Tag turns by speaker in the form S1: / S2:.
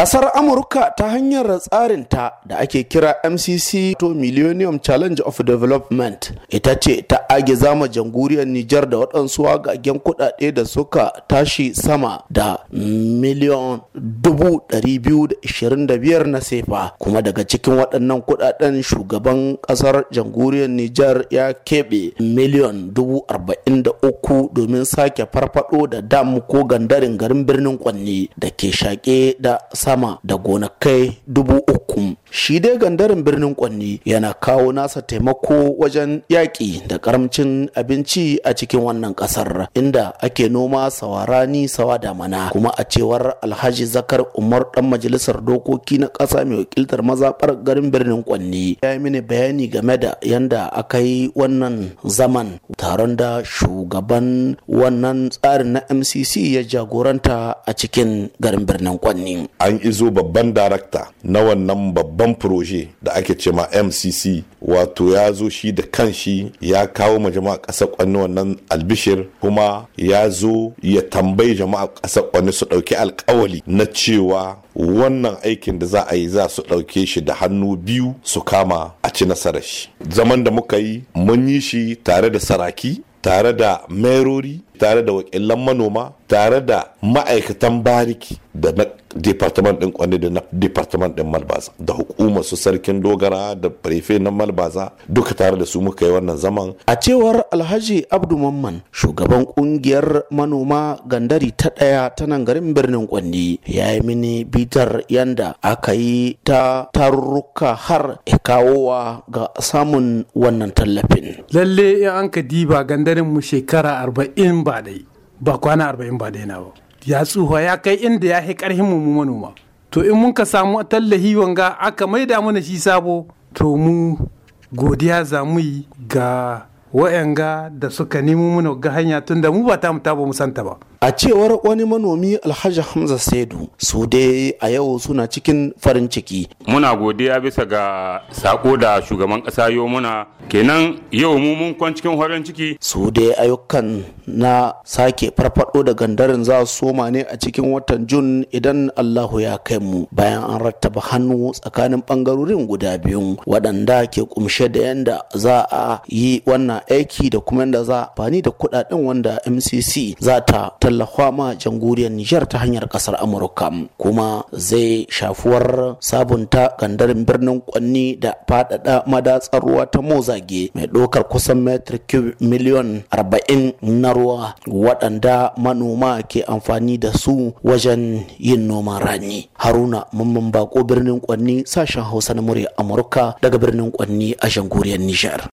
S1: Ƙasar Amurka ta hanyar tsarin ta da ake kira MCC to Millennium Challenge of Development ita ce ta age zama janguriyar Nijar da waɗansu wagagen kuɗaɗe da suka tashi sama da miliyan dubu ɗari biyu da ishirin da biyar na sefa kuma daga cikin waɗannan kuɗaɗen shugaban ƙasar janguriyar Nijar ya keɓe miliyan dubu arba'in da uku domin sake farfaɗo da dam ko gandarin garin birnin Kwanne da ke shaƙe da sama da gonakai dubu uku shi dai gandarin birnin kwanni yana kawo nasa taimako wajen yaƙi da karamcin abinci a cikin wannan ƙasar inda ake noma sawarani sawa da mana, kuma a cewar alhaji zakar umar dan majalisar dokoki na ƙasa mai wakiltar mazaɓar garin birnin kwanni ya yi mini bayani game da yanda aka yi wannan zaman taron da shugaban wannan tsarin na mcc ya jagoranta
S2: a cikin garin birnin kwanni an izo babban darakta na wannan babban babban proje da ake ce ma mcc wato ya zo shi da kanshi ya kawo ma jama'a ƙasar kwanne wannan albishir kuma ya zo ya tambayi jama'a ƙasar kwanne su ɗauki alkawali na cewa wannan aikin da za a yi za su ɗauke shi da hannu biyu su kama a ci nasarar shi zaman da muka yi mun yi shi tare da saraki tare da merori tare da wakilan manoma tare da ma'aikatan bariki da na departament din kwanne da na departament din malbaza da hukumar su sarkin dogara da prefe na malbaza duka tare da su muka yi wannan zaman a
S1: cewar alhaji abdu mamman shugaban kungiyar manoma gandari ta daya ta nan garin birnin kwanne ya yi mini bitar yanda aka yi ta tarurruka har kawowa ga samun wannan tallafin lalle in an ka diba gandarin mu shekara arba'in ba dai ba kwana arba'in ba daina ba ya tsuhuwa ya kai inda ya hi karhin mu mu manoma to in mun ka samu tallahi wanga aka maida mana shi sabo to mu godiya za mu yi ga wa'yanga da suka nemo mana ga hanya tunda mu ba ta mu ta mu santa ba A cewar wani manomi Alhaji Hamza Saidu, su dai a yau suna cikin farin ciki. Muna godiya bisa ga sako da shugaban ƙasa yau muna kenan yau mu mun kwan cikin farin ciki. Su dai ayyukan na sake farfado da gandarin za su soma ne a cikin watan Jun idan Allahu ya kai mu bayan an rattaba hannu tsakanin bangarorin guda biyu waɗanda ke kumshe da yanda za a yi wannan aiki da kuma yanda za a fani da kuɗaɗen wanda MCC za ta tallafa ma jamhuriyar Nijar ta hanyar kasar Amurka kuma zai shafuwar sabunta gandarin birnin Kwanni da faɗaɗa madatsar ruwa ta Mozage mai ɗaukar kusan metri cube miliyon 40 na ruwa waɗanda manoma ke amfani da su wajen yin noman rani. Haruna Mamman Bako birnin Kwanni sashen Hausa na murya Amurka daga birnin Kwanni a jamhuriyar Nijar.